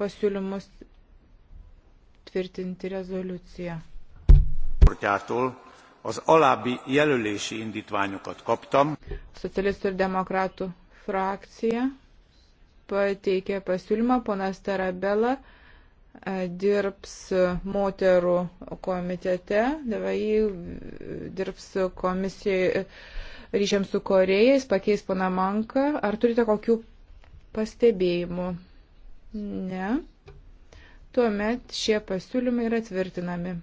pasiūlymus tvirtinti rezoliuciją. Az alábbi jelölési indítványokat kaptam. Szocialistų ir demokratų frakcija pateikė pasiūlymą, ponas Tarabela e, dirbs moterų komitete, DVI dirbs komisijai e, ryšiams su Korejais, pakeis pana Manką. Ar turite kokių pastebėjimų? Ne tuomet šie pasiūlymai yra tvirtinami.